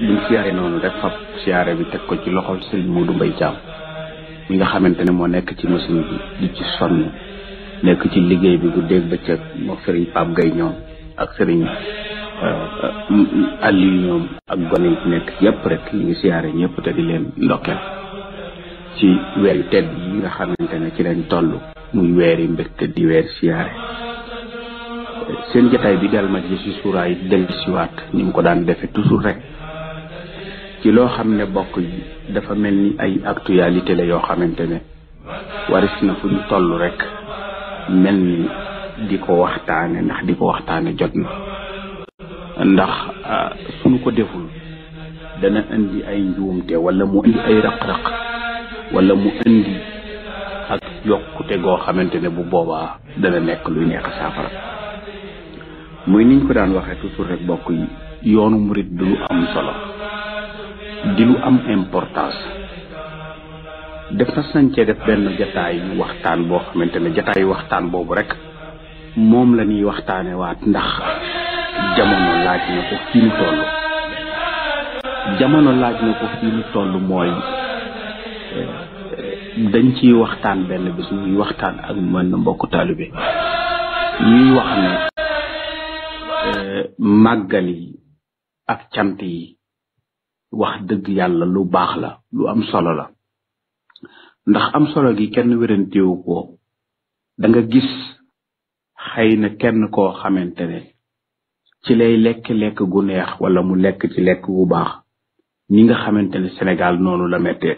biñ siyaare noonu rek fab siyaare bi teg ko ci loxol sëriñ Modou Mbaye Thiam mi nga xamante ne moo nekk ci machine bi di ci sonn nekk ci liggéey bi guddeeg bëccëg mook sëriñ Pape Gueye ñoom ak sëriñ euh, Aliou ñoom ak gone yi nekk yëpp rek ñu ngi siyaare ñëpp te leen ndokkeel ci weer yu tedd yi nga xamante ne ci lañ toll muy weer yi mbégte di weer siyaare seen jataay bi dal ma ci si suuraay dellu siwaat ni mu ko daan defee toujours rek ci loo xam ne bokk yi dafa mel ni ay actualité la yoo xamante ne waris na fu ñu toll rek mel ni di ko waxtaane ndax di ko waxtaane jot na ndax ah, suñu ko deful dana indi ay njuumte wala mu indi ay raq-raq wala mu indi ak yokkute goo xamante ne bu boobaa dana nekk luy neex saafara muy niñ ko daan waxee toujours rek bokk yi yoonu murit du lu am solo di lu am importance def na cee def benn jataayu waxtaan boo xamante ne jataayu waxtaan boobu rek moom la ñuy waxtaane waat ndax jamono laaj na ko fii lu toll jamono laaj na ko fii lu toll mooy eh, dañ ciy waxtaan benn bis waxtaan ak mën na mbokk taalibe ñuy wax ne eh, màggal yi ak cant yi wax dëgg yàlla lu baax la lu am solo la ndax am solo gi kenn wérantewu ko da nga gis xëy na kenn koo xamante ne ci lay lekk lekk gu neex wala mu lekk ci lekk gu baax ñi nga xamante ne Sénégal noonu la mettee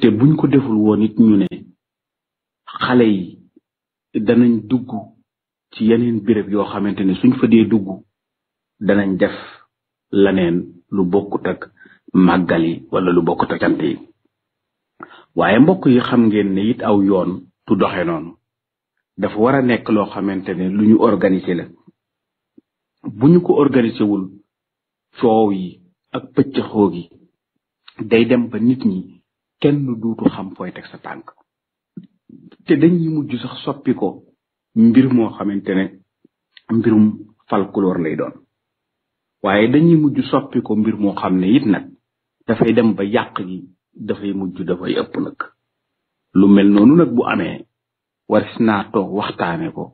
te buñ ko deful woon it ñu ne xale yi danañ dugg ci yeneen béréb yoo xamante ne suñ fa dee dugg danañ def laneen lu bokkut ak màggal yi wala lu bokkut ak cant yi waaye mbokk yi xam ngeen ne it aw yoon du doxe noonu dafa war a nekk loo xamante ne lu ñu organiser la bu ñu ko organiser wul coow yi ak pëccëxoo gi day dem ba nit ñi kenn duutu xam fooy teg sa tànk te dañuy mujj sax soppi ko mbir moo xamante ne mbirum falkuloor lay doon waaye dañuy mujj soppi ko mbir moo xam ne it nag dafay dem ba yàq yi dafay mujj dafay ëpp nag lu mel noonu nag bu amee waris naa toog waxtaane ko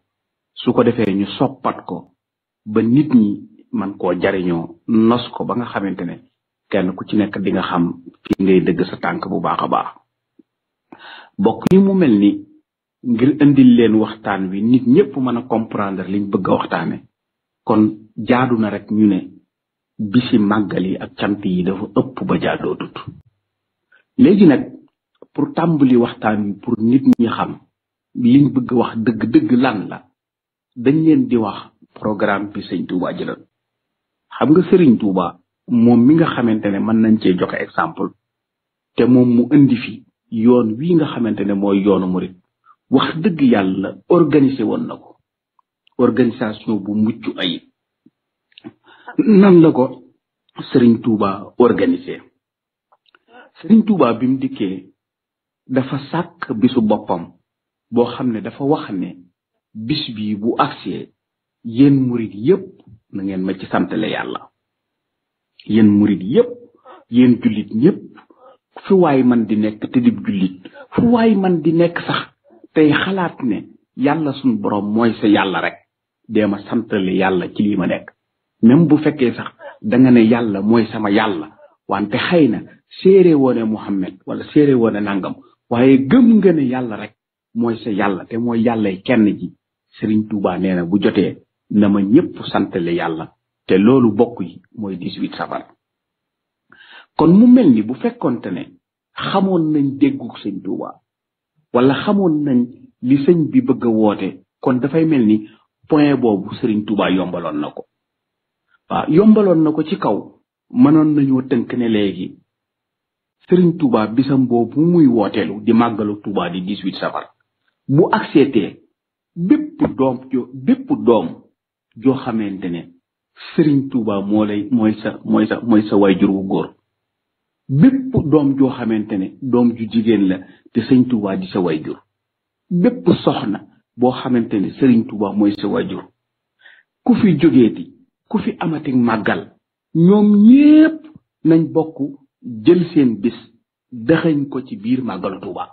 su ko defee ñu soppat ko ba nit ñi man koo jariñoo nos ko ba nga xamante ne kenn ku ci nekk di nga xam fi ngay dëgg sa tànk bu baax a baax bokk yi mu mel ni ngir indil leen waxtaan wi nit ñëpp mën a comprendre liñ bëgg a waxtaane kon jaadu na rek ñu ne bisi màggal yi ak cant yi dafa ëpp ba jaadoo dut léegi nag pour tàmbali waxtaan wi pour nit ñi xam liñ bëgg wax dëgg dëgg lan la dañ leen di wax programme bi sëñ Touba jëlal xam nga sëriñ Touba moom mi nga xamante ne mën nañ cee joxe exemple te moom mu indi fi yoon wi nga xamante ne mooy yoonu murit wax dëgg yàlla organiser woon na ko organisation bu mucc ayib nan la ko Serigne Touba organisé Serigne Touba bi mu dikkee dafa sàkk bisu boppam boo xam ne dafa wax ne bis bii bu agsee yéen murit yépp na ngeen ma ci santale yàlla yéen murit yépp yéen jullit ñépp fu waay man di nekk te jullit fu waay man di nekk sax tey xalaat ne yàlla suñ boroom mooy sa yàlla rekk dee ma santale yàlla ci lii ma nekk même bu fekkee sax da nga ne yàlla mooy sama yàlla wante xëy na séere woone Muhammad wala séere woone nangam waaye gëm nga ne yàlla rek mooy sa yàlla te mooy yàllay kenn ji Serigne Touba bu jotee na ma ñëpp santale yàlla te loolu bokk yi mooy 18 safar kon mu mel ni bu fekkonte ne xamoon nañ déggu sëñ tuuba wala xamoon nañ li sëñ bi bëgg woote kon dafay mel ni point boobu Serigne Touba yombaloon na ko waa yombaloon na ko ci kaw mënoon nañoo tënk ne léegi Serigne Touba bisam boobu muy wooteelu di màggalu Touba di 18 safar bu accepté bépp doom doom joo xamante ne sëriñ tuuba moo lay mooy sa waajur wu góor bépp doom joo xamante ne doom ju jigéen la te Sëñ Touba di sa waajur bépp soxna boo xamante ne sëriñ Touba mooy sa waajur ku fi jógeeti ku fi amati màggal ñoom ñépp nañ bokk jël seen bis dëxëñ ko ci biir màggalu Tuuba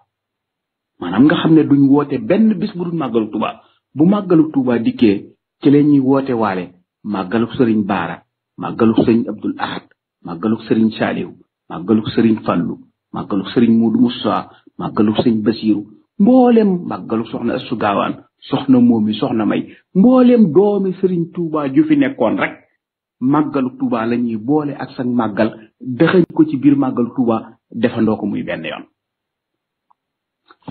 maanaam nga xam ne duñ woote benn bis bu dul màggalu Tuuba bu màggalu Tuuba dikkee ci la ñuy woote waale màggalu sëriñ Baara màggal sëriñ Abdul Ahad màggalu sëriñ Saaliw màggalu sëriñ Fallu màggalu sëriñ Muudu Musaa màggalu sëriñ Basiiru mboolem màggalu soxna Astu soxna moomi soxna may mbooleem doomi Serigne Touba ju fi nekkoon rek màggalu Touba la ñuy boole ak sa màggal dëxañ ko ci biir màggalu Touba defandoo ko muy benn yoon.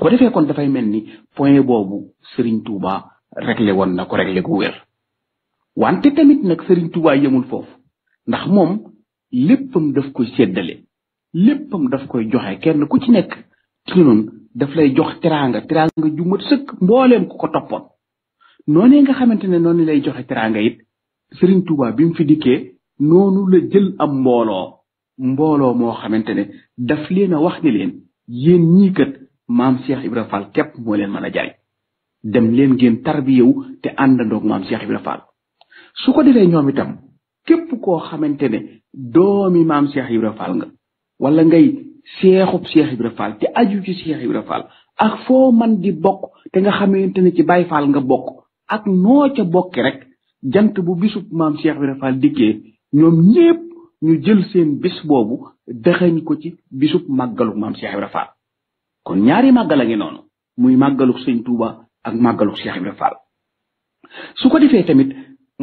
ko defee kon dafay mel ni point boobu Serigne Touba réglé woon na ko réglé gu wér wante tamit nag Serigne Touba yemul foofu ndax moom léppam daf koy séddale léppam daf koy joxe kenn ku ci nekk ci daf lay jox teraanga teraanga ju mat sëkk mbooleem ku ko toppoon noonee nga xamante ne noonu lay joxe teraanga it Serigne Touba bi mu fi dikkee noonu la jël am mbooloo mbooloo moo xamante ne daf leen a wax ni leen yéen ñii maam Cheikh Ibra Fall képp moo leen mën a jariñ dem leen ngeen tarbiyewu te àndandoog maam Cheikh Ibra Fall su ko defee ñoom itam képp koo xamante ne doomi maam Cheikh Ibra Fall nga wala ngay cheikhou cheikh ibra fall te aju ci cheikh ibra fall ak fo man di bok te nga xamanteni ci baye fall nga bok ak no ca bokki rek jant bu bisub maam cheikh ibra fall dikke ñom ñepp ñu jël seen bis bobu dexeñ ko ci bisub màggaluk maam cheikh ibra fall kon ñaari magal a ngi noonu muy màggaluk seigne touba ak màggaluk cheikh ibra fall su ko defé tamit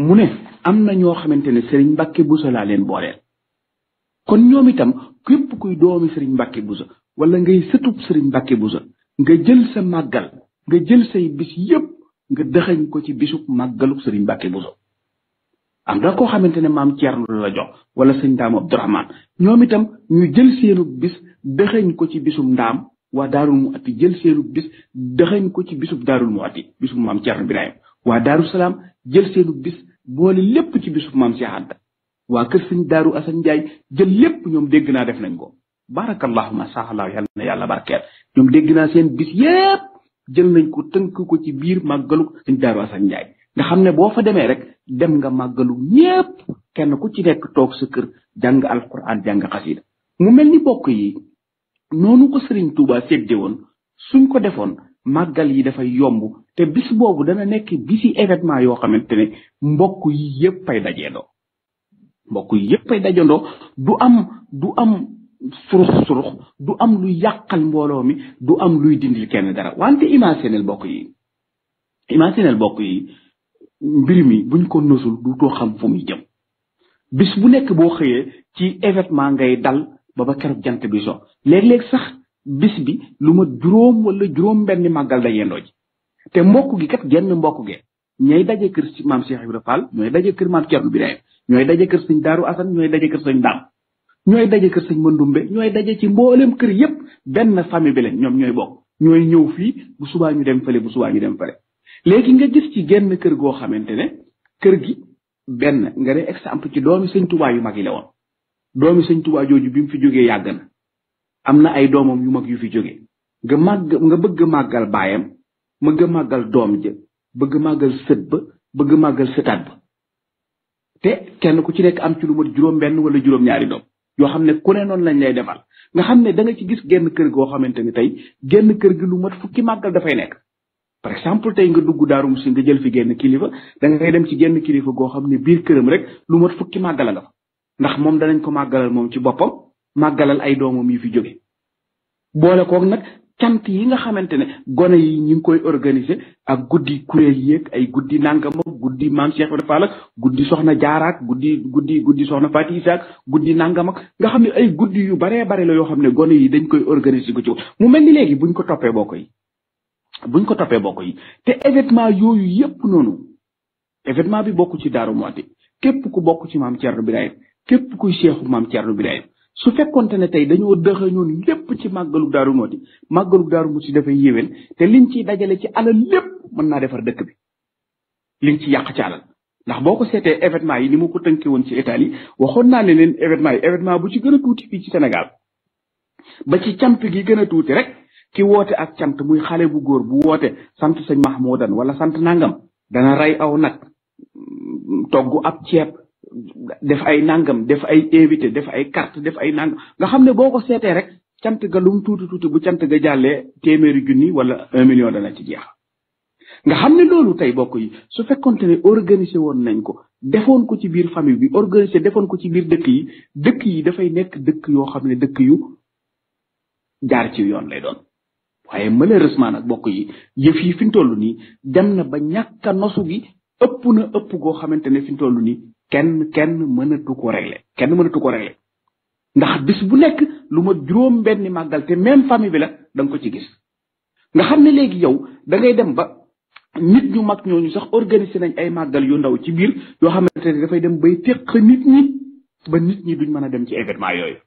mu ne am na ño xamanteni ne mbacke bousala len kon ñoom itam képp kuy doomi sëriñ Mbàkke Buso wala ngay sëtu sëriñ Mbàkke Buso nga jël sa màggal nga jël say bis yépp nga dëxañ ko ci bisub màggaluk sëriñ Mbàkke Buso am na koo xamante ne maam Ceerno la jox wala sëñ Ndaam Abdourahmane ñoom itam ñu jël seenu bis dëxañ ko ci bisum ndaam waa daarul mu atti jël seenu bis dëxañ ko ci bisub daarul mu atti bisub maam Ceerno Birahim waa daaru salaam jël seenu bis boole lépp ci bisub maam Seex Anta waa kër sëñ daaru Assane Ndiaye jël lépp ñoom dégg naa def nañ ko barakallahuma saxalaaw yàlla na yàlla barkeel ñoom dégg naa seen bis yépp jël nañ ko tënk ko ci biir màggalug sëñ daaru Assane Ndiaye nga xam ne boo fa demee rek dem nga màggalug ñépp kenn ku ci nekk toog sa kër jàng alquran jàng xasida mu mel ni bokk yi noonu ko Serigne Touba séddee woon suñ ko defoon màggal yi dafay yomb te bis boobu dana nekk bisi événement yoo xamante ne mbokk yi yépp ay dajeedoo mbokk yi yëpp ay dajandoo du am du am surux surux du am luy yàqal mbooloo mi du am luy dindil kenn dara wante imagineel mbokk yi imagineel mbokk yi mbir mi buñ ko nosul du too xam fu jëm bis bu nekk boo xëyee ci évétement ngay dal ba ba keroog jant biso so léeg sax bis bi lu ma juróom wala juróom benn màggal da yendoo te mbokk gi kat genn mbokku ge ñoy dajé kër mam cheikh ibrahim fall ñoy dajé kër mam cheikh ibrahim ñoy dajé kër seigne daru asan ñoy dajé kër seigne dam ñoy dajé kër seigne mandumbe ñoy dajé ci mbolem kër yépp ben famille bi lañ ñom ñoy bok ñoy ñew fi bu suba ñu dem fele bu suba ñu dem fele légui nga gis ci genn kër go xamantene kër gi ben nga ré exemple ci doomi seigne touba yu magi yi won doomi seigne touba joju bimu fi joggé yagna amna ay doomam yu mag yu fi joggé nga mag nga bëgg magal bayam ma nga màggal doom je bëgg màggal sët ba bëgg màggal sëtaat ba te kenn ku ci nekk am ci lu mat juróom-benn wala juróom-ñaari doom yoo xam ne ku ne noonu lañ lay defal nga xam ne da nga ci gis genn kër goo xamante ni tey genn kër gi lu mat fukki màggal dafay nekk. par exemple tey nga dugg Daaru Muxti nga jël fi genn kilifa da ngay dem ci genn kilifa goo xam ne biir këram rek lu mat fukki màggala nga fa ndax moom danañ ko màggalal moom ci boppam màggalal ay doomam yi fi jóge boole koog nag cant yi nga xamante ne gone yi ñu ngi koy organiser ak guddi kuréel yéeg ay guddi nangam ak guddi maam Cheikh Ibra Fall ak guddi soxna jaaraak guddi guddi guddi soxna Faati Isaak guddi nangam nga xam ne ay guddi yu baree bare la yoo xam ne gone yi dañ koy organiser ko ci mu mel ni léegi buñ ko toppee bokk yi buñ ko toppee bokk yi te évétement yooyu yépp noonu événement bi bokk ci Daaru Muxti képp ku bokk ci maam Thierno Birahim képp kuy seexu maam Thierno Birahim su fekkonte ne tey dañoo dëxañoon lépp ci màggalu daaru Muxti màggalu daaru Muxti dafay yéwén te liñ ciy dajale ci alal lépp mën naa defar dëkk bi liñ ci yàq ci alal ndax boo ko seetee événement yi ni mu ko tënkee woon ci Italie waxoon naa leen événement yi bu ci gën tuuti fii ci Sénégal ba ci cant gi gën a tuuti rek ki woote ak cant muy xale bu góor bu woote sant moo Mahmoudan wala sant nangam dana rey aw nag togg ab ceeb def ay nangam def ay invité def ay carte def ay nangam nga xam ne boo ko seetee rek cant ga lum tuuti tuuti bu cant ga jàllee téeméeri junni wala un million dana ci jeex. nga xam ne loolu tey bokk yi su fekkonte ne organiser woon nañ ko defoon ko ci biir famille bi organiser defoon ko ci biir dëkk yi dëkk yi dafay nekk dëkk yoo xam ne dëkk yu jaar ci yoon lay doon. waaye malheureusement nag bokk yi yëf yi fi mu toll nii dem na ba ñàkk a nosu gi ëpp na ëpp goo xamante ne fi toll nii kenn kenn mënatu ko régler kenn mënatu ko régler ndax bis bu nekk lu ma juróom benni màggal te même famille bi la da ko ci gis ne léegi yow da ngay dem ba nit ñu mag ñooñu sax organiser nañ ay màggal yu ndaw ci biir yoo xamante ne dafay dem bay teq nit ñi ba nit ñi duñ mën a dem ci événement yooyu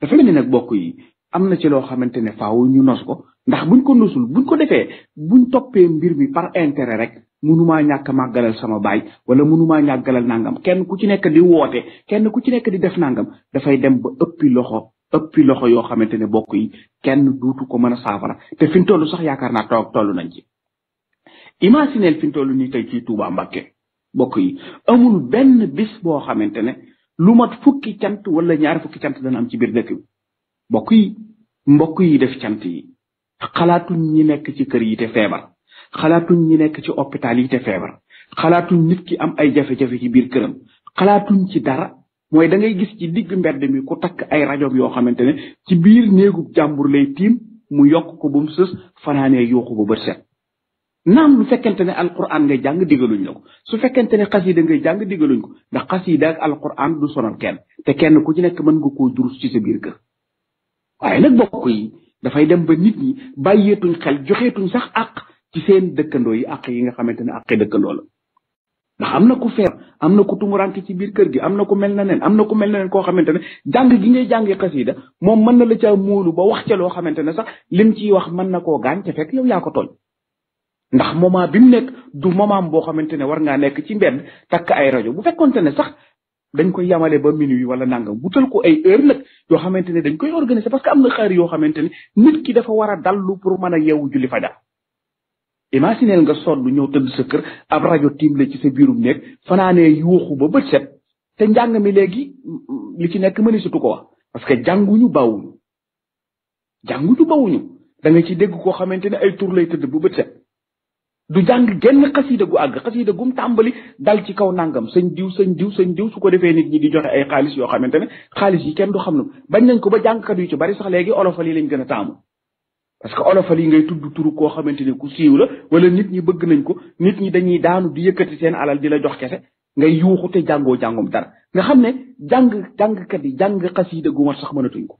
dafa mel ni nag bokk yi am na ci loo xamante ne faaw ñu nos ko ndax buñ ko nosul buñ ko defee buñ toppee mbir mi par intérêt rek mënumaa ñàkk màggalal sama baay wala mënumaa ñàggalal nangam kenn ku ci nekk di woote kenn ku ci nekk di def nangam dafay dem ba ëppi loxo ëppi loxo yoo xamante ne bokk yi kenn duutu ko mën a saafara te fi toll sax yaakaar naa toog toll nañ ci imagineel fi mu toll nii tey ci Touba Mbacké bokk yi amul benn bis boo xamante ne lu mat fukki cant wala ñaar fukki cant dana am ci biir dëkk bi bokk yi mbokk yi def cant yi xalaatuñ ñi nekk ci kër yi te feebar xalaatuñ ñi nekk ci hôpital yi te feebar xalaatuñ nit ki am ay jafe-jafe ci biir këram xalaatuñ ci dara mooy da ngay gis ci digg mbedd mi ku takk ay rajo yoo xamante ne ci biir néegu jàmbur lay tiim mu yokk ko bum mu sës fanaanee yuuxu ba bët set naam lu fekkente ne alquran ngay jàng digaluñ la ko su fekkente ne xasida ngay jàng digaluñ ko ndax xasida ak alquran du sonal ken te kenn ku ci nekk mën nga koo durus ci sa biir kër waaye nag bokk yi dafay dem ba nit ñi bàyyeetuñ xel joxeetuñ sax àq ci seen dëkkandoo yi àq yi nga xamante ne àqi dëkkandoo la ndax am na ku feer am na ku tumurante ci biir kër gi am na ku mel na neen am na ku mel na neen koo xamante ne jàng gi ngay jàngi xasida moom mën na la caa muulu ba wax ca loo xamante ne sax lim ciy wax mën na koo gaañ ca fekk yow yaa ko tooñ ndax moment bi mu nekk du moment boo xamante ne war ngaa nekk ci mbedd takk ay rajo bu fekkonte ne sax dañ koy yamale ba minuit wala nangam wutal ko ay heure nag yoo xamante ne dañ koy organiser parce que am na xaar yoo xamante ne nit ki dafa war a dallu pour mën a yeewu julli fajar imagineel nga sodd ñëw tëdd sa kër ab rajo tiim la ci sa biirum néeg fanaanee yuuxu ba bët set te njàng mi léegi mm, li ci nekk mënisutu ko wax parce que jànguñu bawuñu baw bawuñu da nga ci dégg koo xamante ne ay tur lay bu bët set du jàng genn xasida gu àgg xasida gum tàmbali dal ci kaw nangam sëñ diw sëñ diw sëñ diw su ko defee nit ñi di joxe ay xaalis yoo xamante ne xaalis yi kenn du xam ne bañ nañ ko ba jàngkat yu ci bari sax léegi olofal yi lañ gën a taamu parce que olofal yi ngay tudd turu koo xamante ne ku siiw la wala nit ñi bëgg nañ ko nit ñi dañuy daanu di yëkkati seen alal di la jox kese ngay yuuxu te jàngoo jàngum dara nga xam ne jàng jàngkat yi jàng xasiida gu sax mënatuñ ko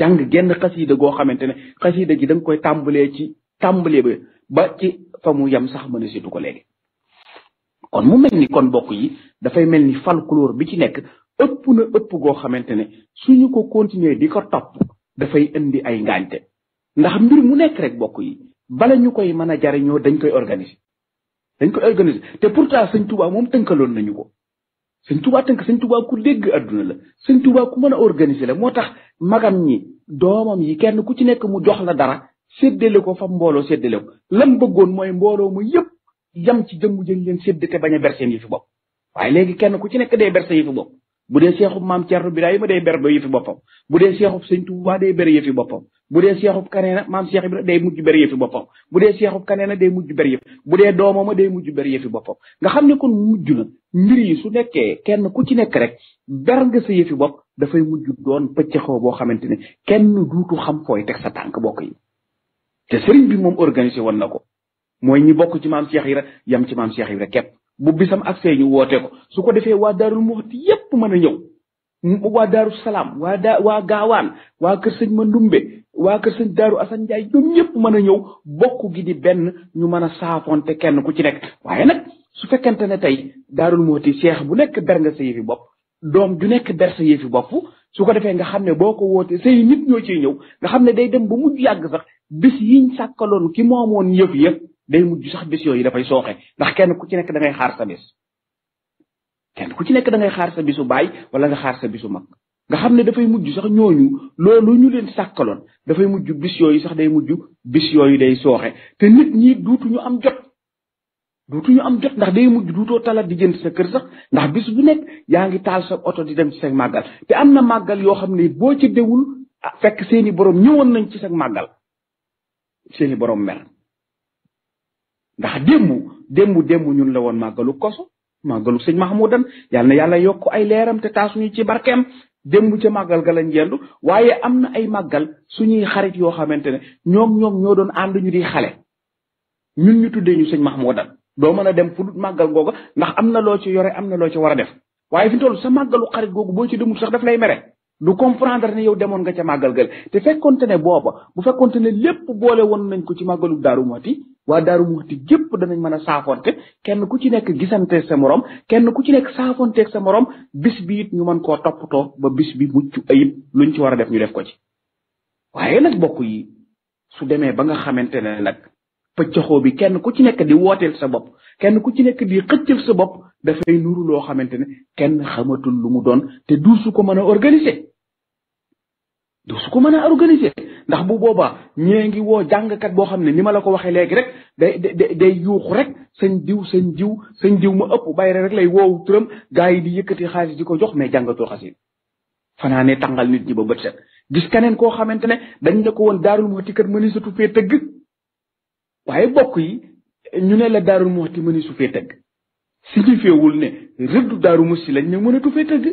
jàng genn xasiida goo xamante ne xasiida gi da nga koy tàmbalee ci tàmbalee ba ba ci fa mu yem sax mën a situ ko léegi kon mu mel ni kon bokk yi dafay mel ni folklore bi ci nekk ëpp na ëpp goo xamante ne suñu ko continuer di ko topp dafay indi ay ngaañte ndax mbir mu nekk rek bokk yi bala ñu koy mën a jariñoo dañ koy organiser dañ koy organiser te pourtant sëñ Touba moom tënkaloon nañu ko sëñ Touba tënk sëñ Touba ku dégg adduna la sëñ Touba ku mën a organiser la moo tax magam ñi doomam yi kenn ku ci nekk mu jox la dara séddale ko fa mbooloo séddale ko lam bëggoon mooy mbooloo mu yëpp yam ci jëmm jën leen sédd te bañ a berse yi fi bopp waaye léegi kenn ku ci nekk day berse yi fi bopp bu dee seexub maam Cerno Birahima day berbe yi fi boppam bu dee seexub sëñ Touba day bere yi boppam bu dee seexub kanee na maam seex ibra day mujj ber yëfi boppam bu dee seexub kanee na day mujj ber yëf bu dee doomama day mujj ber yëfi boppam nga xam ne kon mujj na mbir yi su nekkee kenn ku ci nekk rek ber nga sa yëfi bopp dafay mujj doon pëccëxoo boo xamante ne kenn duutu xam fooy teg sa tànk bokk yi te sëriñ bi moom organisé woon na ko mooy ñi bokk ci maam seex ibra yam ci maam seex ibra képp bu bisam ak see ñu woote ko su ko defee waa daarul muxti yépp mën a ñëw waa daaru salaam waa da waa gaawaan waa kër sëñ Mandumbe waa kër sëñ daaru Assane Ndiaye ñoom mën a ñëw bokku gi di benn ñu mën a saafonte kenn ku ci nekk waaye nag su fekkente ne tey daarul mooti seex bu nekk ber nga sa yëfi bopp doom ju nekk ber sa yëfi bopp su ko defee nga xam ne boo ko wootee say nit ñoo ciy ñëw nga xam ne day dem ba mujj yàgg sax bis yiñ sàkkaloon ki moomoon yëf yëpp day mujj sax bis yooyu dafay sooxe ndax kenn ku ci nekk da ngay kenn ku ci nekk da ngay xaar sa bisu baay wala nga xaar sa bisu mag nga xam ne dafay mujj sax ñooñu loolu ñu leen sàkkaloon dafay mujj bis yooyu sax day mujj bis yooyu day sooxe te nit ñi duutuñu am jot duutuñu am jot ndax day mujj duutoo talat di jënd sa kër sax ndax bis bu nekk yaa ngi taal sa oto di dem ci sa màggal te am na màggal yoo xam ne boo ci dewul ah, fekk seeni boroom ñëwoon nañ ci sa màggal seeni boroom mer ndax démb démb démb ñun la woon màggalu koso màggalu sëñ Mahmoudan yal na yàlla yokk ay leeram te taas ñu ci barkeem démb ca màggal ga lañ yendu waaye am na ay màggal suñuy xarit yoo xamante ne ñoom ñoom ñoo doon ànd ñu di xale ñun ñu tuddee ñu sëñ Mahmoudan doo mën a dem fu dul màggal googa ndax am na loo ci yore am na loo ci war a def waaye fi mu màggalu xarit googu boo ci demul sax daf lay mere du comprendre ne yow demoon nga ca màggal gal te fekkonte ne booba bu fekkonte ne lépp boole woon nañ ko ci màggalu daaru muxti waa daaru muxti gépp danañ mën a saafonte kenn ku ci nekk gisante sa morom kenn ku ci nekk saafonteeg sa morom bis bi it ñu mën koo toppatoo ba bis bi mucc ayib luñ ci war a def ñu def ko ci waaye nag bokk yi su demee ba nga xamante ne nag pëccaxoo bi kenn ku ci nekk di wooteel sa bopp kenn ku ci nekk di xëccal sa bopp dafay nuru loo xamante ne kenn xamatul lu mu doon te du su ko mën a organiser du su ko mën a organiser ndax bu boobaa ñee ngi woo jàngkat boo xam ne ni ma la ko waxee léegi rek day day day rek sëñ jiw sëñ jiw sëñ diw ma ëpp bayre rek lay woowu turam gaa yi di yëkkati xaalis di ko jox mais jàngatoo xasit fanaa ne tàngal nit ñi ba bët set gis keneen koo xamante ne dañ la ko woon daarul muxti kat mëni sutu fee tëgg waaye bokk yi ñu ne la daarul muxti mëni su fee tëgg signifieewul ne rëddu daaru ci lañ ne mënatu fee tëgg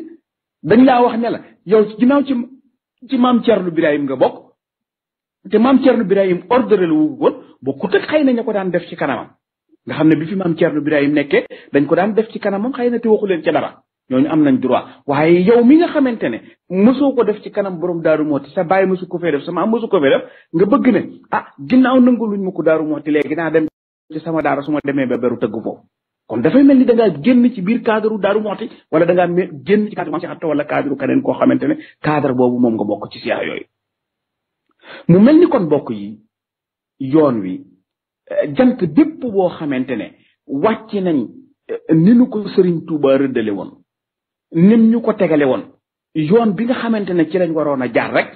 dañ laa wax ne la yow ginnaaw ci ci maam Thierno Birahim nga bokk te maam Thierno Birahim ordre la wu woon bokkut ak ko daan def ci kanamam nga xam ne bi fi maam Thierno Birahim nekkee dañ ko daan def ci kanamam xëy na te waxu leen ca dara ñooñu am nañ droit waaye yow mi nga xamante ne mosoo ko def ci kanam borom daaru mooti sa bàyyi mosu ko fee def sa maam mosu ko fee def nga bëgg ne ah ginnaaw nangu luñ ma ko daaru mooti léegi naa dem ci sama daar su ma demee ba beru tëgg foofu kon dafay mel ni da ngaa ci biir cadre daaru moxti wala da ngaa génn ci cadre Cheikh Anta wala cadre keneen koo xamante ne cadre boobu moom nga bokk ci siyaar mu mel ni kon bokk yi yoon wi eh, jant bépp boo xamante ne wàcc nañ eh, ni nu ko Serigne Touba rëddale woon nim ñu ko tegale woon yoon bi nga xamante ne ci lañ waroon a jaar rek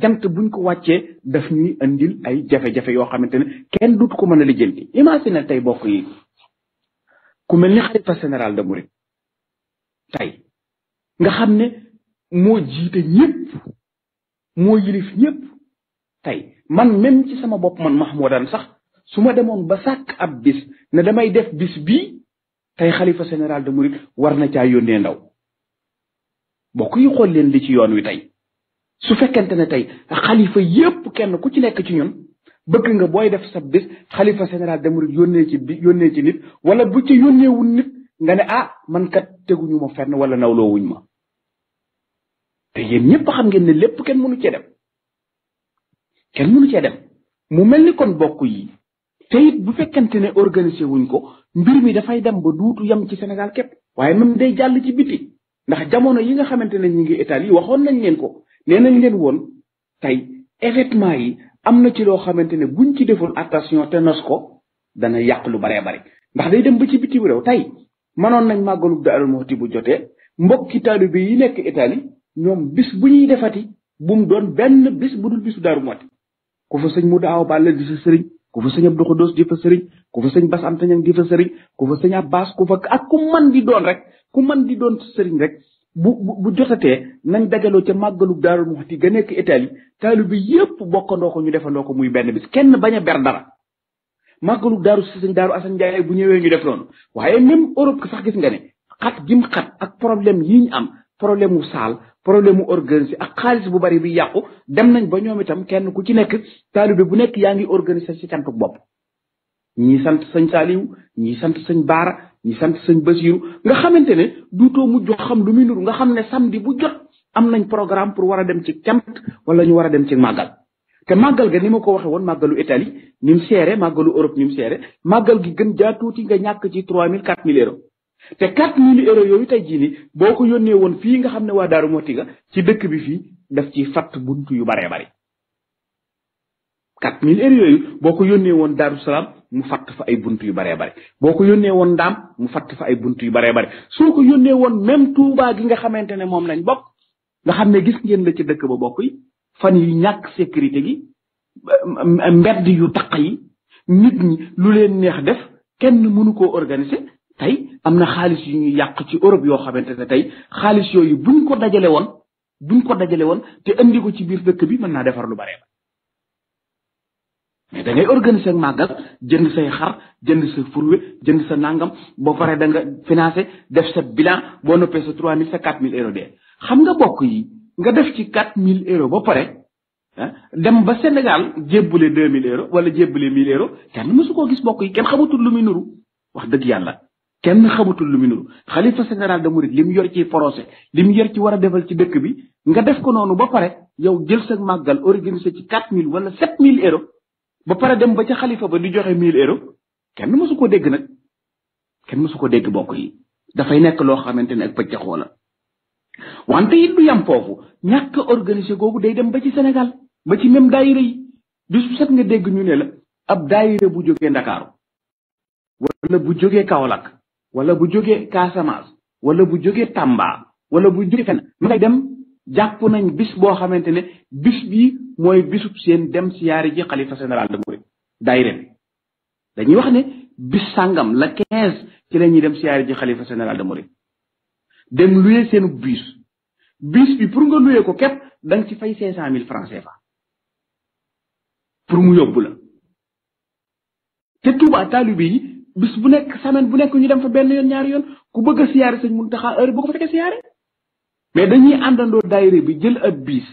jant buñ ko wàccee daf ñuy andil ay jafe-jafe yoo xamante ne kenn dut ko mën a lijjanti imagine tey bokk yi ku mel ni xalifa général de Mouride tey nga xam ne moo jiite ñëpp moo yilif ñëpp tey man même ci sama bopp man Mahmoudan sax su ma demoon ba sàkk ab bis ne damay def bis bii tey xalifa sénéral de Mouride war na caa ne ndaw bokk yi xool leen li ci yoon wi tey su fekkente ne tey xalifa yépp kenn ku ci nekk ci ñun. bëgg nga booy def sa bis xalifa général de Mouride ci bi yónnee ci nit wala bu ci yónneewul nit nga ne ah man kat teguñu ma fenn wala nawlo wuñ ma te yéen ñëpp xam ngeen ne lépp kenn mënu cee dem kenn mënu cee dem mu mel ni kon bokk yi te bu fekkente ne organiser wuñ ko mbir mi dafay dem ba duutu yam ci Sénégal képp waaye même day jàll ci biti ndax jamono yi nga xamante ne ñu ngi Italie waxoon nañ leen ko nee nañ woon tey événement yi am na ci loo xamante ne buñ ci deful attention te nos ko dana yàq lu baree bari ndax day dem ba ci bitim réew tey mënoon nañ màggalub Daaru Muxti bu jote mbokki taalibe yi nekk itali ñoom bis bu ñuy defati bu mu doon benn bis bu dul bisu Daaru Muxti ku fa sëñ mu daaw bàlle di sa sëriñ ku fa sëñ Abdu Xudoos di fa sëriñ ku fa sëñ Bas Anta Ñaŋ di fa sëriñ ku fa sëñ Abbas ku fa ak ku man di doon rek ku man di doon sëriñ rek bu bu jotatee nañ dajaloo ca màggalu Daaru Muxti ga nekk Italie taalibe yépp bokkandoo ko ñu defandoo ko muy benn bis kenn bañ a ber dara màggalu daaru sëñ daaru Assane Ndiaye bu ñëwee ñu def noonu waaye même Europe sax gis nga ne xat gim xat ak problème yi am problème mu saal problème mu organisé ak xaalis bu bari bi yàqu dem nañ ba ñoom itam kenn ku ci nekk taalibe bu nekk yaa ngi organisé ci cantuk bopp ñii sant sëñ Saliou ñii sant sëñ Baara ñi sant sëñ Basiiru nga xamante ne du duutoo mujj xam lu muy nuru nga xam ne samedi bu jot am nañ programme pour war a dem ci cant wala ñu war a dem ci màggal te màggal ga ni ma ko waxe woon màggalu Italie ni mu seere màggalu Europe ni mu seere màggal gi gën jaa tuuti nga ñàkk ci trois mille quatre mille te quatre mille euros yooyu tey jii nii boo ko yónnee woon fii nga xam ne waa Daaru Mooti ga ci dëkk bi fi daf ci fatt buntu yu baree bari 4000 mille heures yooyu boo ko yónnee woon daaru salaam mu fatt fa ay bunt yu baree bare boo ko yónnee woon ndaam mu fatt fa ay bunt yu baree bare soo ko yónnee woon même tuubaa gi nga xamante ne lañ bokk nga xam gis ngeen la ci dëkk ba bokk yi fan yi ñak sécurité gi mbedd yu tax yi nit ñi lu leen neex def kenn mënu ko organiser tay amna xaaliss yu ñu yàq ci Europe yo xamantene tay xaaliss yoyu buñ ko dajale won buñ ko dajale won te andi ko ci biir dëkk bi mën naa defar lu baree bare mais da ngay organiser ak màggal jënd say xar jënd sa furwe jënd sa nangam boo paree da nga financé def sa bilan boo noppee sa 3000 sa 4000 euros dee xam nga bokk yi nga def ci mille euros ba pare ah, dem ba Sénégal jébbale 2000 euros wala jébbale 1000 euros kenn mësu koo gis bokk yi kenn xamatul lu muy nuru wax dëgg yàlla kenn xamatul lu muy nuru xalifa général de Mouride li mu yor ci forosé li mu yor ci war a defal ci dëkk bi nga def ko noonu ba pare yow jël sa màggal organiser ci 4000 wala 7000 euros. ba pare dem ba ca xalifa ba du joxe mille euros kenn mësu ko dégg nag kenn mësu ko dégg bokk yi dafay nekk loo xamante ne ak pëccaxoo la wante it du yam foofu ñàkk organisé googu day dem ba ci Sénégal ba ci même daayira yi bisu nga dégg ñu ne la ab daayira bu jógee Ndakaaru wala bu jógee Kaolack wala bu jógee Casamance wala bu jógee Tamba wala bu jógee fenn ma dem japp nañ bis boo xamante ne bis bi mooy bisub seen dem siyaari ji xalifa général de mourid daayira dañuy wax ne bis sàngam la 15 ci la ñuy dem siyaari ji xalifa général de mourid dem luyee seenu bis bis bi pour nga luyee ko képp da nga ci fay 500000 francs CFA pour mu yóbbu la te tuuba taalibe yi bis bu nekk semaine bu nekk ñu dem fa benn yoon ñaari yoon ku bëgg siyaare sëñ mun heure bu ko fa fekkee siyaare mais dañuy àndandoo daayira bi jël ab biis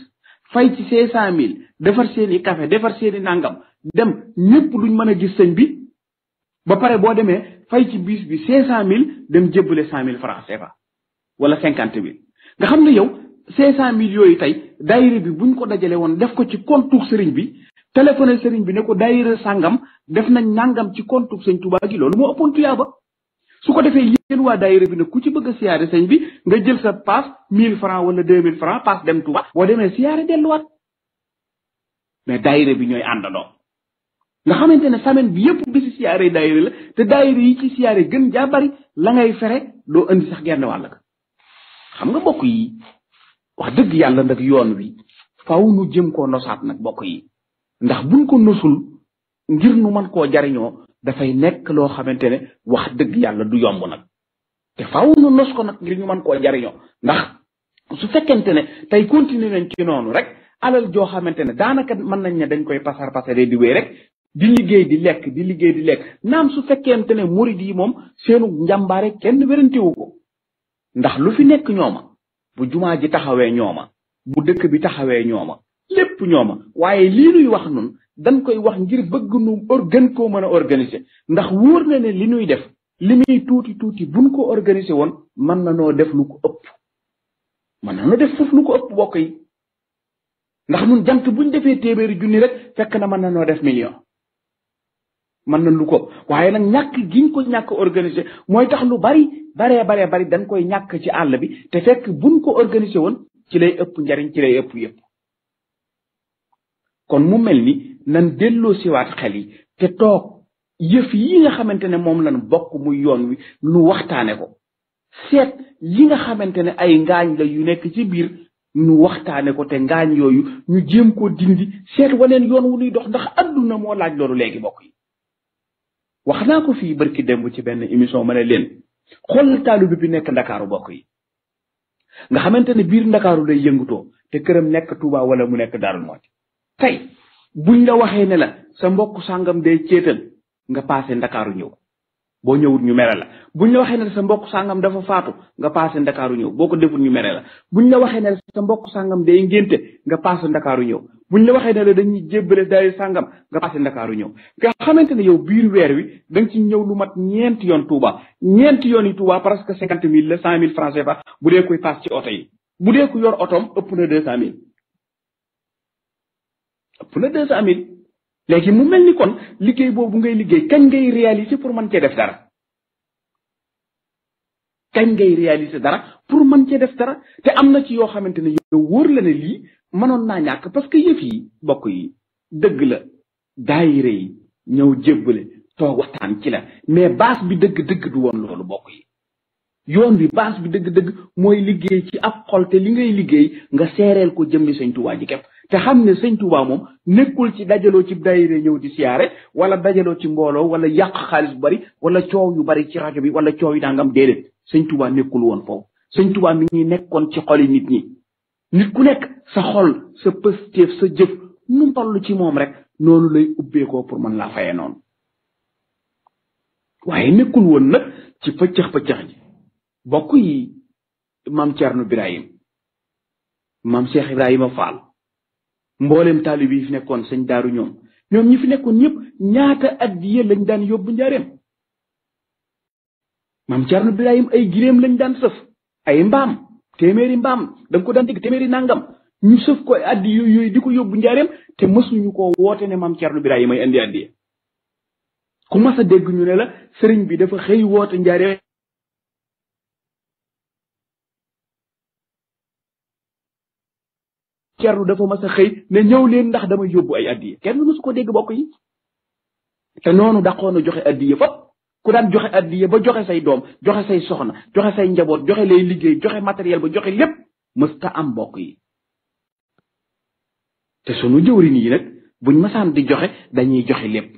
fay ci cinq cent mille defar seeni café defar seeni nangam dem ñëpp duñ mën a gis sëñ bi ba pare boo demee fay ci biis bi cinq cent mille dem jébbale cent mille francs CFA wala cinquante mille nga xam ne yow cinq cent mille yooyu tey daayira bi buñ ko dajale woon def ko ci compte sëriñ bi téléphoné sëriñ bi ne ko daayira sàngam def nañ nangam ci compte sëñ Tuubaa gi loolu moo ëppoon tuyaaba su ko defee yéen waa daayira bi nag ku ci bëgg a siyaare sëñ bi nga jël sa paas 1000 francs wala 2000 francs paas dem Tuuba boo demee siyaare delluwaat mais daayira bi ñooy àndandoo nga xamante ne semaine bi yëpp bisi siyaare daayira la te daayira yi ci siyaare gën jaa bari la ngay fere doo indi sax genn wàll ka xam nga bokk yi wax dëgg yàlla nag yoon wi faw nu jëm koo nosaat nag bokk yi ndax buñ ko nosul ngir nu man koo jariñoo dafay nekk loo xamante ne wax dëgg yàlla du yomb nag te faaw nu nos ko nag ngir ñu mën koo jariñoo ndax su fekkente ne tey continuer nañ ci noonu rek alal joo xamante ne daanaka mën nañ ne dañ koy pasar pasaree di wéy rek di liggéey di lekk di liggéey di lekk naam su fekkente ne murid yi moom seenu njàmbaare kenn wérantiwu ko ndax lu fi nekk ñooma bu jumaa ji taxawee ñooma bu dëkk bi taxawee ñooma lépp ñooma waaye lii wax nun dañ koy wax ngir bëgg nu organ koo mën a organiser ndax wóor na ne li nuy def li muy tuuti tuuti buñ ko organiser woon mën na noo def lu ko ëpp mën na noo def foofu lu ko ëpp bokk yi ndax nun jant buñ defee téeméeri junni rek fekk na mën na noo def million mën na lu ko waaye nag ñàkk giñ ko ñàkk organiser mooy tax lu bari baree baree bari dañ koy ñàkk ci àll bi te fekk buñ ko organisé woon ci lay ëpp njariñ ci lay ëpp yëpp kon mu mel ni nan delloo siwaat xel te toog yëf yi nga xamante ne moom lan bokk muy yoon wi nu waxtaane ko seet yi nga xamante ne ay ngaañ la yu nekk ci biir nu waxtaane ko te ngaañ yooyu ñu jëm koo dindi seet waneen yoon wu nuy dox ndax adduna moo laaj loolu léegi bokk yi wax naa ko fii barki démb ci benn émission ma ne leen xool taalibe bi nekk ndakaaru bokk yi nga xamante ne biir ndakaaru lay yëngutoo te këram nekk Touba wala mu nekk Darou Mouhty tey buñ la waxee ne la sa mbokk sàngam de céetal nga passé ndakaaru ñëw boo ñëwut ñu mere la buñ la waxee ne sa mbokk sàngam dafa faatu nga passé ndakaaru ñëw boo ko defut ñu mere la buñ la waxee ne sa mbokk sàngam day ngénte nga passé ndakaaru ñëw buñ la waxee ne dañuy jébbale day sàngam nga passé ndakaaru ñëw nga xamante ne yow biir weer wi da nga ci ñëw lu mat ñeenti yoon Touba ñeenti yoon yi Touba presque cinquante mille la cent mille francs CFA bu dee koy paas ci oto yi bu dee yor otoom ëpp na deux cent mille ëpp na deux cent léegi mu mel ni kon liggéey boobu ngay liggéey kañ ngay réaliser pour man cee def dara kañ ngay réaliser dara pour mën cee def dara te am na ci yoo xamante ne yow wóor la ne lii mënoon naa ñàkk parce que yëf yi bokk yi dëgg la daayira yi ñëw jébbale toog waxtaan ci la mais base bi dëgg-dëgg du woon loolu bokk yi yoon bi base bi dëgg-dëgg mooy liggéey ci ab xol te li ngay liggéey nga seereel ko jëmmi Sëñ Tuubaa ji képp te xam ne sëñ Touba moom nekkul ci dajaloo ci daayira ñëw di siyaare wala dajaloo ci mbooloo wala yàq xaalis bu bari wala coow yu bari ci rajo bi wala coow yu dangam déedéet sëñ Touba nekkul woon foofu sëñ Touba mi ngi nekkoon ci xoli nit ñi nit ku nekk sa xol sa pëstéef sa jëf nu toll ci moom rek noonu lay ubbeekoo pour mën laa faye noonu waaye nekkul woon nag ci pëccëx pëccëx ji bokk yi maam Thierno Birahim maam Cheikh Ibrahima Fall mbooleem taalib yi fi nekkoon sëñ daaru ñoom ñoom ñi fi nekkoon ñëpp ñaata addiye lañ daan yóbbu njaareem maam Cerno Birahim ay giréem lañ daan sëf ay mbaam téeméeri mbaam da ko daan dégg téeméeri nangam ñu sëf ko addi yooyu di ko yóbbu njaareem te mësuñu ko woote ne maam Cerno Birahim ay andi addiye ku mas a dégg ñu ne la sëriñ bi dafa xëy woote njaareem cernu dafa mas a xëy ne ñëw leen ndax dama yóbbu ay addiya kenn mësu ko dégg bokk yi te noonu daqoon a joxe addiya fop ku daan joxe addiya ba joxe say doom joxe say soxna joxe say njaboot joxe lay liggéey joxe matériel ba joxe lépp mës ta am bokk yi te sunu jëwriñ yi nag buñ masaan di joxe dañuy joxe lépp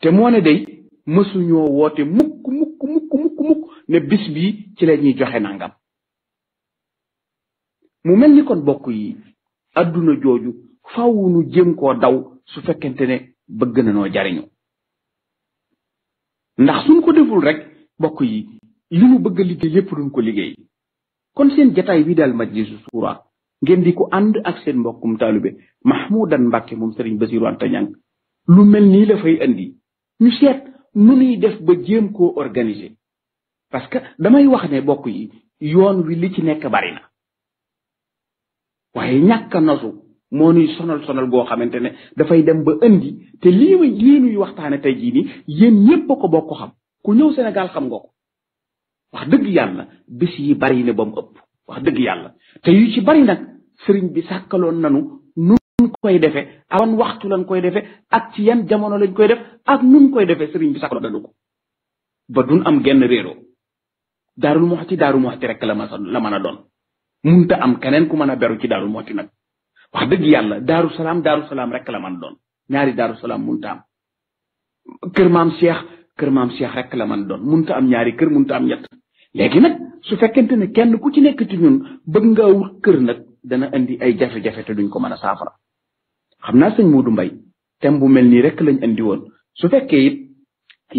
te moone ne day mësuñoo woote mukk mukk mukk mukk ne bis ci la ñuy joxe nangam mu mel ni kon bokk yi adduna jooju faaw nu jéem koo daw su fekkente ne bëgg na noo jariñu ndax suñ ko deful rek bokk yi li nu bëgg a liggéey yépp duñ ko liggéey kon seen jataay wi daal majlisu suura ngeen di ko ànd ak seen mbokkum taalube Mahmoudan Mbàkke moom Sëriñ Basiru Anta Ñaŋ lu mel nii la fay andi ñu seet nu nuy def ba jéem koo organiser parce que damay wax ne bokk yi yoon wi li ci nekk bari waaye ñàkk a moo nuy sonal sonal goo xamante ne dafay dem ba ëndi te lii ma lii nuy waxtaane tey jii nii yéen ñëpp ko bokk xam ku ñëw senegal xam nga ko wax dëgg yàlla bis yi bari ne ba ëpp wax dëgg yàlla te yu ci bari nag sëriñ bi sàkkaloon nanu nun koy defe ak wan waxtu lañ koy defe ak ci yan jamono lañ koy def ak nun koy defe sëriñ bi sàkkaloon nanu ko ba duñ am genn réeroo daarul moxti daaru moxti rek la ma la mën a doon mun munta am keneen ku mën a beru ci daaru mooti nag wax dëgg yàlla daaru salaam daaru salaam rek la man doon ñaari daaru salaam munta am kër maam Cheikh kër maam Cheikh rek la man doon munta am ñaari kër munta am ñett léegi nag su fekkente ne kenn ku ci nekk ci ñun bëgg ngaa wut kër nag dana indi ay jafe-jafe te duñ ko mën a saafara xam na sëñ Modou Mbaye thème bu mel nii rek lañ indi woon su fekkee it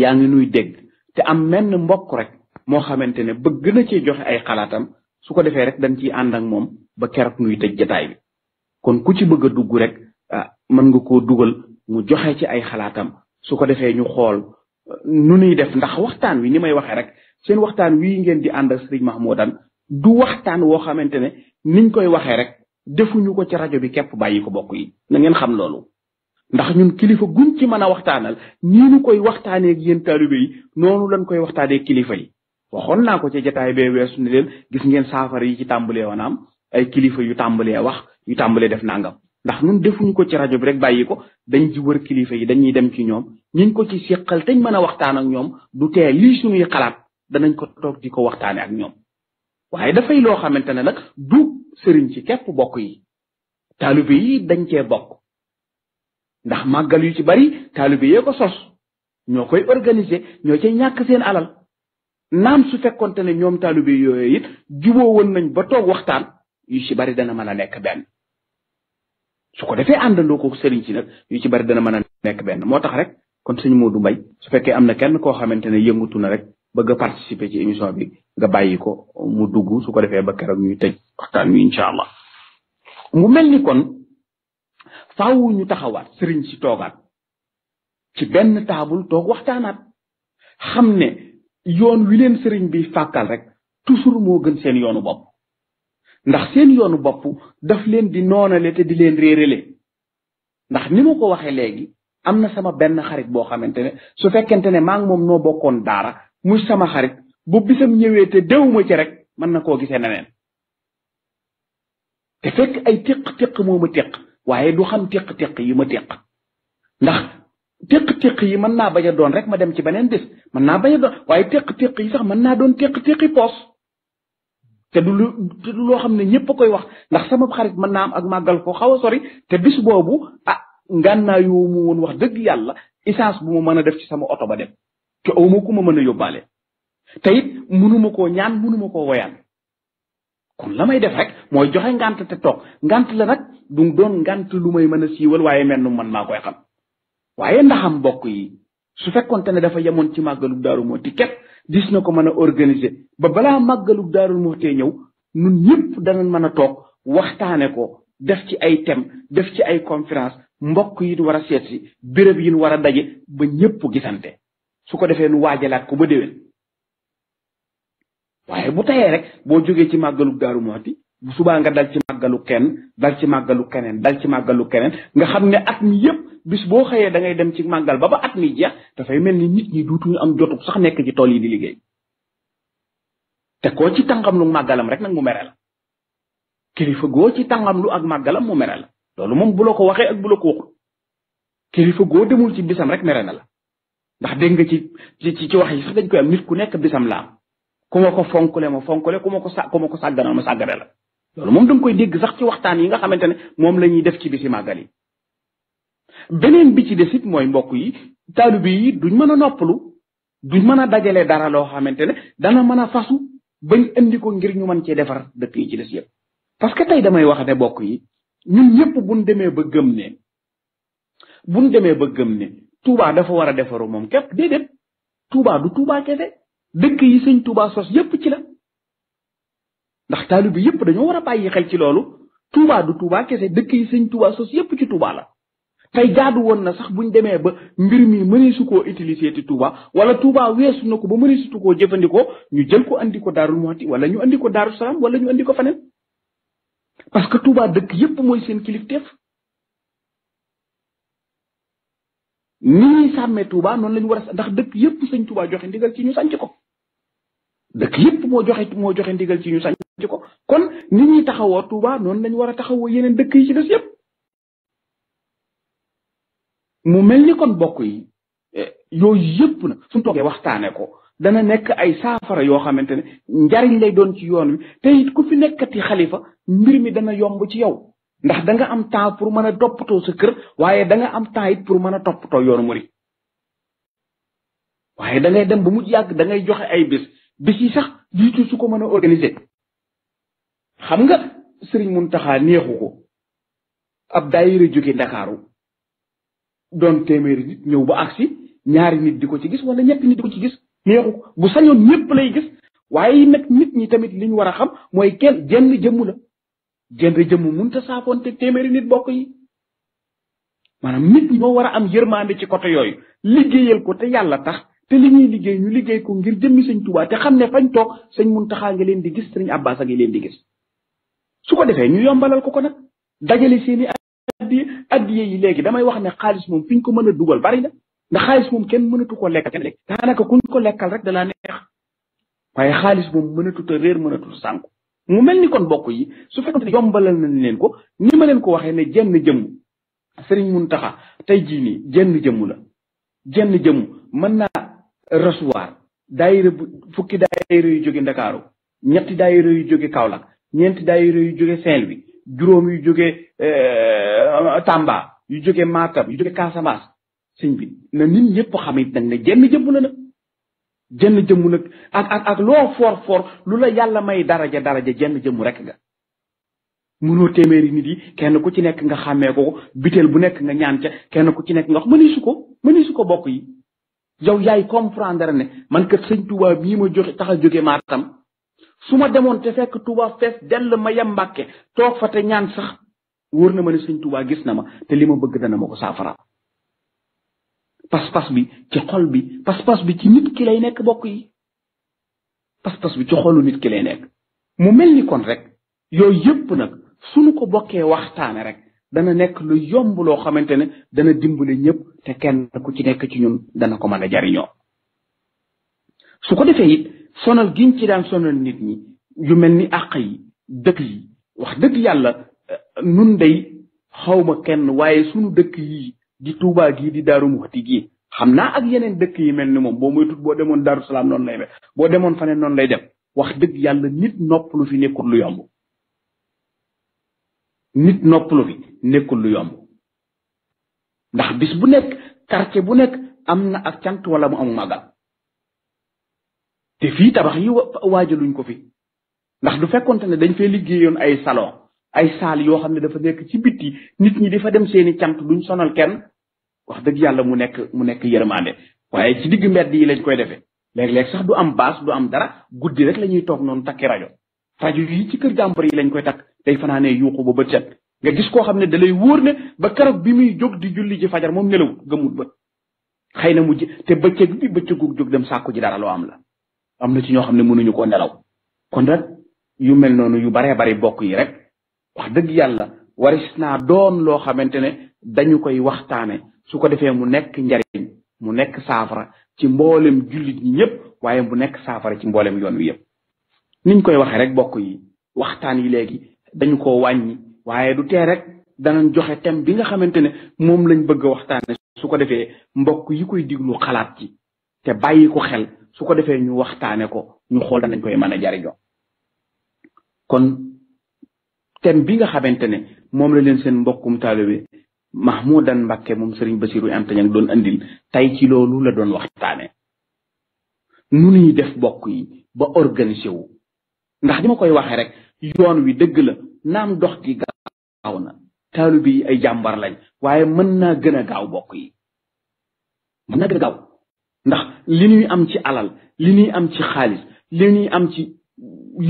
yaa ngi nuy dégg te am menn mbokk rek moo xamante ne bëgg na ci joxe ay xalaatam su ko defee rek dañ ciy ànd ak moom ba kerok nuy tëj jataay bi kon ku ci bëgg a dugg rek ah, mën nga ko dugal mu joxe ci ay xalaatam su ko defee ñu xool uh, nu nuy def ndax waxtaan wi ni may waxee rek seen waxtaan wi ngeen di ànd ak sëriñ dan du waxtaan woo xamante ne niñ koy waxee rek defuñu ko ci rajo bi képp bàyyi ko bokk yi na ngeen xam loolu. ndax ñun kilifa guñ ci mën a waxtaanal nii ñu koy waxtaanee ak yéen taalibe yi noonu lañ koy waxtaanee kilifa yi waxoon naa ko ci jataay bee weesu ne leen gis ngeen saafara yi ci tàmbalee woon am ay kilifa yu tàmbalee wax yu tàmbalee def nangam ndax ñun defuñu ko ci rajo bi rek bàyyi ko dañ ci wër kilifa yi dañuy dem ci ñoom ñiñ ko ci seqal teñ mën a waxtaan ak ñoom du tee lii xalaat danañ ko toog di ko waxtaane ak ñoom waaye dafay loo xamante ne nag du sëriñ ci képp bokk yi taalibe yi dañ cee bokk ndax màggal yu ci bari taalibe yee ko sos ñoo koy organiser ñoo cay ñàkk seen alal naam su fekkonte ne ñoom taalibe yooyu it juboo woon nañ ba toog waxtaan yu ci bari dana mën a nekk benn su ko defee àndandoo ko sëriñ si nag yu ci bari dana mën a nekk benn moo tax rek kon sëñ Modou Mbaye su fekkee am na kenn koo xamante ne yëngatu na rek a participer ci émission bi nga bàyyi ko mu dugg su ko defee ba keroog ñuy tëj waxtaan wi incha allah mu mel ni kon faaw ñu taxawaat sëriñ si toogaat ci benn taabul toog waxtaanaat xam ne yoon wi leen sëriñ bi fàkkal rek toujours moo gën seen yoonu bopp ndax seen yoonu bopp daf leen di noonale te di leen le ndax ni ma ko waxee léegi am na sama benn xarit boo xamante ne su fekkente ne maa ngi moom noo bokkoon daara mu sama xarit bu bisam ñëwee te dewuma ci rek mën na koo gisee neneen te fekk ay téq téq moo ma téq waaye du xam téq téq yi ma téq ndax tek tek yi man na baña don rek ma dem ci benen bis man na baña don way tek tek yi sax na don tek tek yi pos te du lu lo xamne ñepp koy wax ndax sama xarit man na am ak magal ko xawa sori te bis bobu ah nganna yu mu won wax deug yalla essence bu mu meuna def ci sama auto ba dem te awuma ko mu meuna yobale te it munuma ko ñaan munuma ko woyal kon lamay def rek moy joxe ngant te tok ngant la nak du doon ngant lu may meuna siwal waye man xam waaye ndaxam mbokk yi su fekkonte ne dafa yemoon ci màggalug daaru mooti képp dis na ko mën a organiser ba balaa màggalug daaru mootee ñëw nun ñëpp danañ mën a toog waxtaane ko def ci ay thème def ci ay conférence mbokk yi war a seet si béréb yi war a daje ba ñëpp gisante su ko defee nu waajalaat ko ba déwén waaye bu tayee rek boo jógee ci màggalug daaru mooti suba nga dal ci magalu kenn dal ci magalu kenen dal ci magalu kenen nga xamne at mi yépp bis bo xeye da ngay dem ci magal baba at mi jeex da fay ni nit ñi ñu am jotuk sax nek ci tol yi di liggey te ko ci tangam lu magalam rek nak mu merel kilifa go ci tangam lu ak magalam mu merel lolu mom bu lako waxe ak bu lako waxul kilifa go demul ci bisam rek merena la ndax de nga ci ci ci wax yi sax dañ koy am nit ku nek bisam la am ko fonkule ma fonkule sa ku ko la loolu moom dam koy dégg sax ci waxtaan yi nga xamante ne moom la ñuy def ci bisi màggal beneen bi ci desit mooy mbokk yi taalibe yi duñ mën a noppalu duñ mën a dajale dara loo xamante ne dana mën a fasu bañ indi ko ngir ñu mën cee defar dëkk yi ci des yëpp parce que tey damay wax ne mbokk yi ñun ñëpp buñ demee ba gëm ne buñ demee ba gëm ne Touba dafa war a defaru moom képp déedéet Touba du Touba kese dëkk yi sëñ Touba sos yëpp ci la ndax taalibe yëpp dañoo war a bàyyi xel ci loolu tuuba du Touba kese dëkk yi sëñ Touba sos yëpp ci Touba la tey jaadu woon na sax buñ demee ba mbir mi mëneesu koo utiliser ti tuuba wala Touba weesu na ko ba mëneesutu koo jëfandikoo ñu jël ko andi ko Daaru Muxti wala ñu andi ko Daaru Salaam wala ñu andi ko feneen parce que Touba dëkk yëpp mooy seen kilifteef ni ñuy sàmmee Touba noonu la ñu war a ndax dëkk yëpp sëñ Touba joxe ndigal ci ñu sànc ko dëkk yëpp moo joxe moo joxe ndigal ci ñu sañ ci ko kon ni ñuy taxawoo Touba noon lañ war a taxawoo yeneen dëkk yi ci des yëpp mu mel ni kon bokk yi e, yooyu yëpp na suñu toogee waxtaane ko dana nekk ay saafara yoo xamante ne njariñ lay doon ci yoon wi te it ku fi nekkati xalifa mbir mi dana yomb ci yow ndax da nga am temps pour mën a toppatoo sa kër waaye da nga am temps it pour mën a toppatoo yoonu murit waaye da ngay ba mu yàgg da ngay joxe ay bis bis yi sax jiitu su ko mën a organiser xam nga sëriñ Muntaxa neexu ko ab daayira jóge ndakaaru doon téeméeri nit ñëw ba agsi ñaari nit di ko ci gis wala ñetti nit di ko ci gis neexu bu sañoon ñëpp lay gis waaye nag nit ñi tamit li ñu war a xam mooy kenn jenn jëmm la jenn jëmm munta saafoonte téeméeri nit bokk yi maanaam nit ñi moo war a am yërmande ci côté yooyu liggéeyal ko te yàlla tax te li ñuy liggéey ñu liggéey ko ngir jëmmi sëñ Tuubaa te xam ne fañ toog sëñ Muntaxa nga leen di gis sëñ a ngi leen di gis su defee ñu yombalal ko ko nag dajale seeni addiye addiye yi léegi damay wax ne xaalis moom fi ko mën a dugal bari na ndax xaalis moom kenn mënatu ko lekkal kenn daanaka kuñ ko lekkal rek dalaa neex waaye xaalis moom mënatut a réer mënatut a sànku mel ni kon bokk yi su fekkoon ne leen ko ni ma leen ko waxee ne jenn jëmm Sëriñ Muntaxa tey jii nii jenn jëmm la jenn jëmm mën naa recevoir daayira bu fukki daayira yu jóge ndakaaru ñetti daayira yu jóge Kaolack ñeenti daayira yu jóge saint juróom yu jóge euh, Tamba yu jóge Matam yu jóge Casamance sëñ bi na nit ñëpp xam it nag ne jenn jëmm la nag jenn jëmm nag ak ak loo for for lu la yàlla may daraja daraja jenn jëmm rek nga mënoo téeméeri nit yi kenn ku ci nekk nga xàmmee ko biteel bu nekk nga ñaan ca kenn ku ci nekk nga wax mënisu ko mënisu ko bokk yi yow yaay comprendre ne man kat sëñ Touba mii ma joxe tax a jóge Matam su ma demoon te fekk Touba fees dell ma yem Mbàkke toog fa te ñaan sax wóor na ma ne sëñ Touba gis na ma te li ma bëgg dana ma ko saafara pas-pas bi ci xol bi pas-pas bi ci nit ki lay nekk bokk yi pas bi ci xoolu nit ki lay nekk mu mel ni kon rek yooyu yëpp nag suñu ko bokkee waxtaane rek dana nekk lu yomb loo xamante ne dana dimbali ñépp te kenn ku ci nekk ci ñun dana ko mën a jariñoo su ko defee it sonal giñ ci daan sonal nit ñi yu mel ni àq yi dëkk yi wax dëgg yàlla eh, nun day xawma kenn waaye suñu dëkk yi di Tuubaa gii di Daaru gii xam naa ak yeneen dëkk yi mel ni moom boo moytut boo demoon Daaru Salaam noonu lay mel boo demoon faneen noonu lay dem wax dëgg yàlla nit nopp lu fi nekkul lu yomb nit nopp lu fi nekkul lu yomb ndax bis bu nekk quartier bu nekk am na ak cant wala mu am magal te fii tabax yi waajaluñ ko fi ndax du fekkonte ne dañ fee liggéeyoon ay salon ay saal yoo xam ne dafa nekk ci bitti nit ñi difa dem seeni cant duñ sonal kenn wax dëgg yàlla mu nekk mu nekk yërmande waaye ci digg mbedd yi lañ koy defee léeg-léeg sax du am baas du am dara guddi rek la ñuy toog noonu takki rajo rajo yi ci kër jàmbur yi lañ koy takk day fanaanee bu nga gis koo xam ne da lay wóor ne ba keroog bi muy jóg di julli ji fajar moom nelawut gëmut ba xëy na mu ji te bëccëg bi bëccëgu jóg dem sàkku ji dara loo am la am na ci ñoo xam ne mënuñu koo nelaw kon nag yu mel noonu yu baree bari bokk yi rek wax dëgg yàlla waris naa doon loo xamante ne dañu koy waxtaane su ko defee mu nekk njariñ mu nekk saafara ci mboolem jullit ñi ñëpp waaye mu nekk saafara ci mboolem yoon wi yëpp niñ koy waxee rek bokk yi waxtaan yi léegi dañu waaye du tee rek dana joxe thème bi nga xamante ne moom lañ bëgg a waxtaane su ko defee mbokk yi koy diglu xalaat ci te bàyyi xel su ko defee ñu waxtaane ko ñu xool danañ koy mën a jariñoo kon thème bi nga xamante ne moom la leen seen mbokkum taalibe Mahmoudan Mbacke moom Serigne Bassirou Anta Niang doon andil tey ci loolu la doon waxtaane nu ñuy def bokk yi ba organiser wu ndax li koy waxee rek yoon wi dëgg la naam dox gi aw na taalibe yi ay jàmbar lañ waaye mën naa gën a gaaw bokk yi mën naa gën a gaaw ndax li ñuy am ci alal li ñuy am ci xaalis li ñuy am ci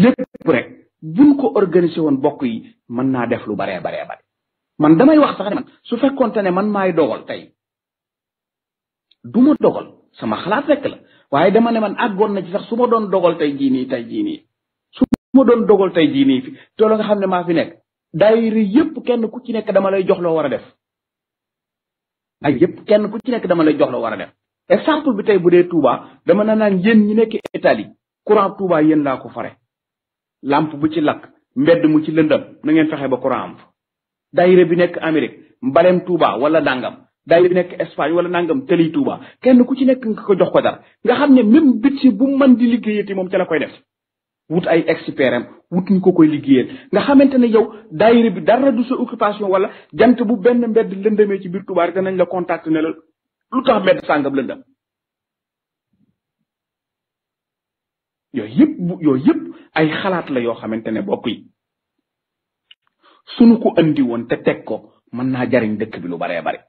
lépp rek buñ ko organisé woon bokk yi mën naa def lu baree bare bare man damay wax sax ne man su fekkonte ne man maay dogal tey du ma dogal sama xalaat rek la waaye dama ne man àggoon na ci sax su doon dogal tey jii nii tey jii nii su doon dogal tey jii nii fi nga xam ne maa fi nekk daayira yëpp kenn ku ci nekk dama lay jox loo war a def daayira yëpp kenn ku ci nekk dama lay jox loo war a def exemple bi tey bu dee Touba dama naan yéen ñi nekk itali courant Touba yéen laa ko fare lampe bu ci lakk mbedd mu ci lëndam na ngeen fexe ba courant am bi nekk Amérique mbalem Touba wala nangam daayira bi nekk Espagne wala nangam tëli Touba kenn ku ci nekk nga ko jox ko dara nga xam ne même bit ci bu man di liggéey liggéeyati moom ca la koy def wut ay expert am wut ñu ko koy liggéeyal nga xamante ne yow daayira bi dara occupation wala jant bu benn mbedd lëndëmee ci biir Touba rek danañ la contact ne la lu tax mbedd sàngam lëndëm yooyu yëpp yooyu yëpp ay xalaat la yoo xamante ne bokk yi sunu ko andi woon te teg ko mën naa jariñ dëkk bi lu baree bare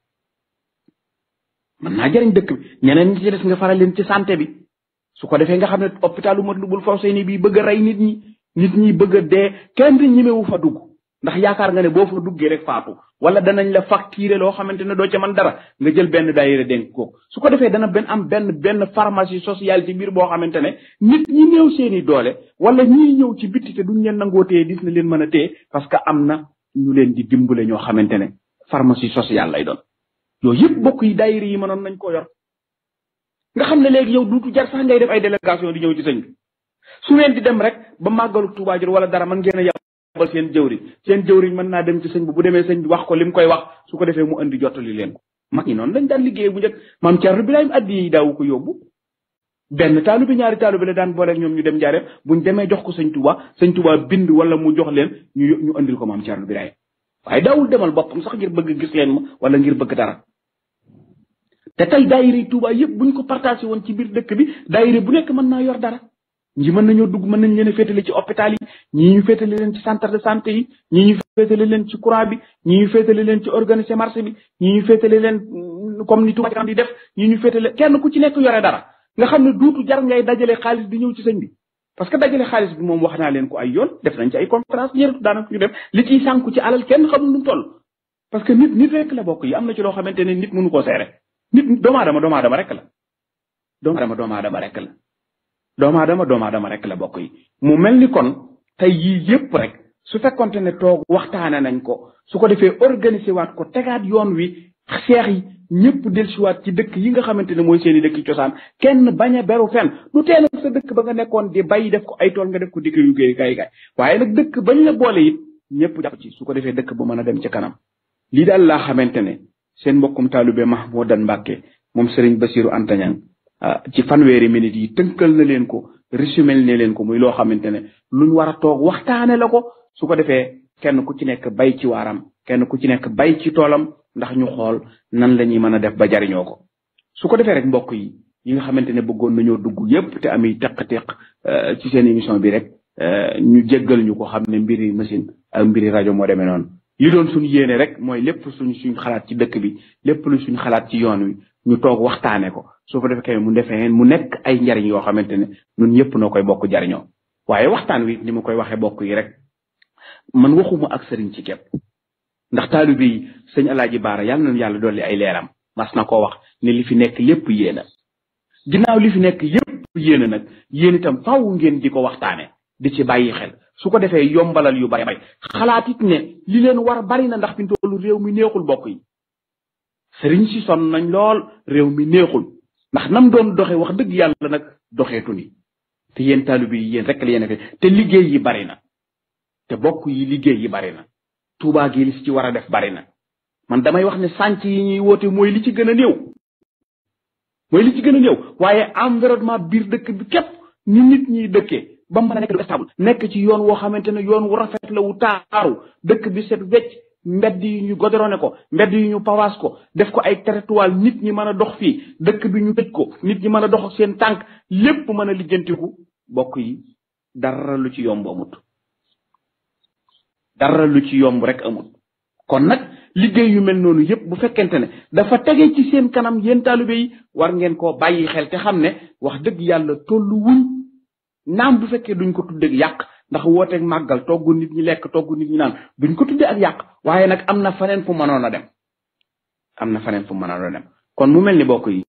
mën naa jariñ dëkk bi ñeneen ñi ci des nga faral ci santé bi su ko defee nga xam ne hôpitalu Matlaboul Fawzayni bii bëgg rey nit ñi nit ñi bëgg a dee kenn ñemewu fa dugg ndax yaakaar nga ne boo fa duggee rek faatu wala danañ la facturé loo xamante ne doo ca man dara nga jël benn daayira dénk ko su ko defee dana benn am benn benn pharmacie sociale ci biir boo xamante ne nit ñi néew seeni doole wala ñiy ñëw ci bitti te duñ leen nangoo téye dis na leen mën a téye parce que am na ñu leen di dimbale ñoo xamante ne pharmacie sociale lay doon nga xam ne léegi yow duutu jar sax ngay def ay délégation di ñëw ci sëñ bi su ngeen di dem rek ba màggalu Tuubaa jot wala dara mën ngeen a yàbbal seen jëwriñ seen jëwriñ mën naa dem ci sëñ bi bu demee sëñ bi wax ko li mu koy wax ko defee mu andi jottali leen ko mag ñi noonu lañ liggéey bu njëkk maam Cerno Birahim addi yi daawu ko yóbbu benn taalu bi ñaari taalu bi la daan booleeg ñoom ñu dem jaareem buñ demee jox ko sëñ Tuubaa sëñ Tuubaa bind wala mu jox leen ñu ñu andil ko maam Cerno Birahim waaye daawul demal boppam sax ngir bëgg gis leen ma wala ngir bëgg dara te tey daayira yi Touba yëpp buñ ko partagé woon ci biir dëkk bi daayira bu nekk mën naa yor dara ñi mën nañoo dugg mën nañ leen a féetale ci hôpital yi ñii ñu féetale leen ci centre de santé yi ñii ñu leen ci courant bi ñii ñu féetale leen ci organiser marché bi ñii ñu féetale leen mm, comme ni Touba di def ñii ñu féetale kenn ku ci nekk yore dara nga xam ne duutu jar ngay dajale xaalis di ñëw ci sëñ bi parce que dajale xaalis bi moom wax naa leen ko ay yoon def nañ ci ay conférence ñeertu daanaka ñu def li ci alal kenn xamul que nit bokk yi am na ci loo xamante ne nit mënu koo seere nit doomu doomaadama rek la doomu aadama doomu rek la doomu doomu aadama rek la bokk yi mu mel ni kon tey yii yëpp rek su fekkonte ne toog waxtaane nañ ko su ko defee organiser waat ko tegaat yoon wi seex yi ñëpp dellusiwaat ci dëkk yi nga xamante ne mooy seen i dëkk cosaan kenn bañ a beru fenn du tee nag sa dëkk ba nga nekkoon di bay def ko ay tool nga def ko dikk yu gay gaay waaye nag dëkk bañ la boole it ñëpp jàpp ci su ko defee dëkk ba mën a dem ci kanam lii daal laa ne seen mbokkum taalube dan mbàkke mom serigne basiru antagnan ah, ci fanweeri minute yi teunkel na len ko resumel ne len ko muy lo xamantene luñ wara tok waxtane lako la ko su ko defee kenn ku ci nek bay ci waram kenn ku ci nek bay ci tolam ndax ñu xol nan lañuy mëna def ba jariñoo ko su ko rek mbokk yi yi nga xamantene bëggoon nañu dugg yépp te ami tak teq eh, ci seen émission bi rek eh, ñu jéggal ñu ko mbiri machine ak mbiri rajo mo démé non li doon suñu yéene rek mooy lépp suñ suñ xalaat ci dëkk bi lépp lu suñ xalaat ci yoon wi ñu toog waxtaanee ko soo ko defee mu defee mu nekk ay njariñ yoo xamante ne ñun ñëpp noo koy bokk jariñoo waaye waxtaan wi ni ma koy waxee bokk yi rek man waxuma ak sëriñ ci képp ndax taalibe yi sëñ Alaaji Baara yàlla nañu yàlla dool dolli ay leeram mas na ko wax ne li fi nekk lépp yéena ginnaaw li fi nekk yépp yéena nag yéen itam faaw ngeen di ko waxtaanee di ci bàyyi xel su ko defee yombalal yu bari bay xalaat ne li leen war bari na ndax fi mu toll réew mi neexul bokk yi sëriñ si sonn nañ lool réew mi neexul ndax nam doon doxe wax dëgg yàlla nag doxeetu ni te yéen taalibe yi yéen rek la yéen a te liggéey yi bari na te bokk yi liggéey yi bari na tuubaa gi li ci war a def bari na man damay wax ne sànc yi ñuy woote mooy li ci gën a néew mooy li ci gën a néew waaye environnement biir dëkk bi képp ni nit ñiy dëkkee ba mu mën a nekk du stable nekk ci yoon woo xamante ne yoon wu rafet la wu taaru dëkk bi set wecc mbedd yi ñu godorone ko mbedd yi ñu pawaas ko def ko ay territoire nit ñi mën a dox fii dëkk bi ñu tëj ko nit ñi mën a dox seen tànk lépp mën a lijjantiku bokk yi dara lu ci yomb amut dara lu ci yomb rek amut kon nag liggéey yu mel noonu yëpp bu fekkente ne dafa tege ci seen kanam yéen taalibe yi war ngeen koo bàyyi xel te xam ne wax dëgg yàlla tollu wuñ naam bu fekkee duñ ko tuddee ak yàq ndax wooteeg màggal togg nit ñi lekk togg nit ñi naan duñ ko tuddee ak yàq waaye nag am na faneen fu mënoon dem am na fu mënoon dem kon mu mel ni bokk yi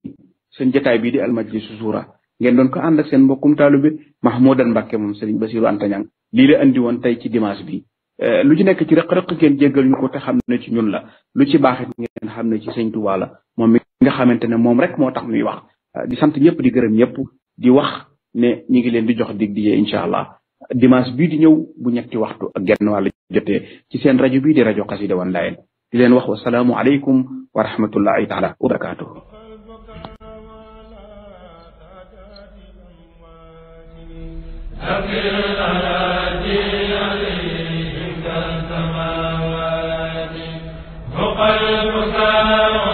seen jotaay bii di almajlisu suura ngeen doon ko ànd ak seen mbokkum taalube mahmoudan mbàkke moom sëriñ basiru antañang lii la andi woon tey ci dimanche bi eh, lu ci nekk ci rëq-rëq ngeen jéggal ñu ko te xam ne ci ñun la lu ci baaxit ngeen xam ne ci sëñ tuba la moom mi nga xamante ne rek moo tax muy wax eh, di sant ñëpp di gërëm ñëpp di wax ne ñi ngi leen di jox dig dijee incha allah dimanche bii di ñëw bu ñetti waxtu ak genn wàll jotee ci seen rajo bii di rajo xasida wan layen di leen wax wasalaamu alaykum wa rahmatullahi taala wa barakatuhu قلبك